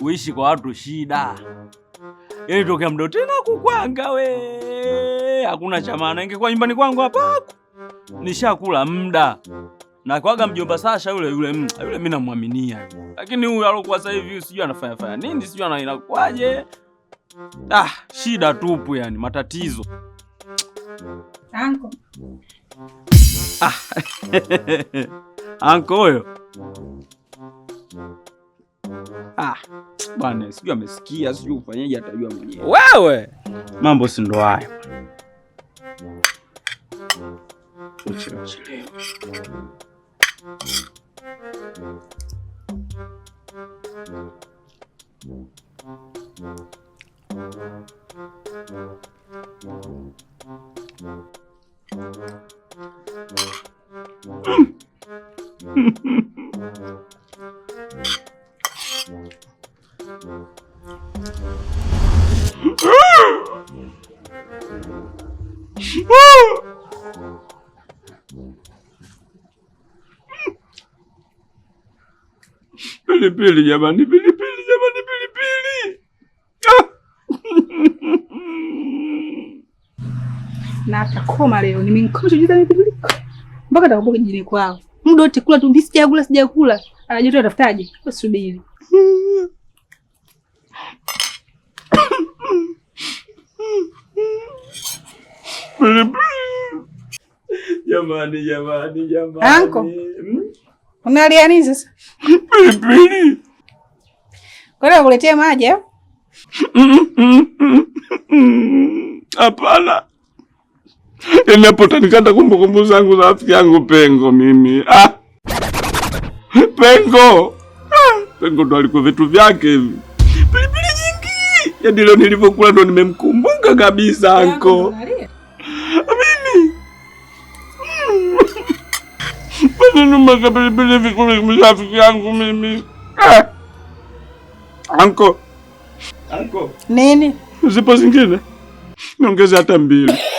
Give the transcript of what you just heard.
uishi kwa watu shida, yaani tokea mdo tena kukwanga we, hakuna cha maana. Ingekuwa nyumbani kwangu hapa nishakula muda na kwaga mjomba Sasha yule yule mtu yule, mimi namwaminia, lakini huyu alokuwa sasa hivi sijui anafanya fanya nini, sijui inakwaje. Ah, shida tupu, yani matatizo anko. Ah, anko huyo Ah, bwana sijui amesikia, sijui ufanyaje, atajua mwenyewe. Wewe mambo si ndo hayo. Mm. Pilipili jamani, pilipili jamani, pilipili. Ah. Na atakoma leo, nimemkosha mpaka atakumbuka jini kwao. Muda wote kula tu, mimi sijakula, sijakula. Anajua tu Subiri. Jamani, jamani, jamani. Anko, unalia nini sasa? Pilipili. Kwani nakuletea maji au? Eh? Hapana. Inapotanikata kumbukumbu zangu za rafiki yangu Pengo mimi. Ah. Pengo. Ah! Pengo ndo alikuwa vitu vyake hivi. Pilipili nyingi. Yaani leo nilivokula ndo nimemkumbuka kabisa anko. Ninuma kapilipili vikuli kumesha afiki yangu mimi. Eh! Anko. Anko. Nini? Zipo zingine? Niongeze hata mbili.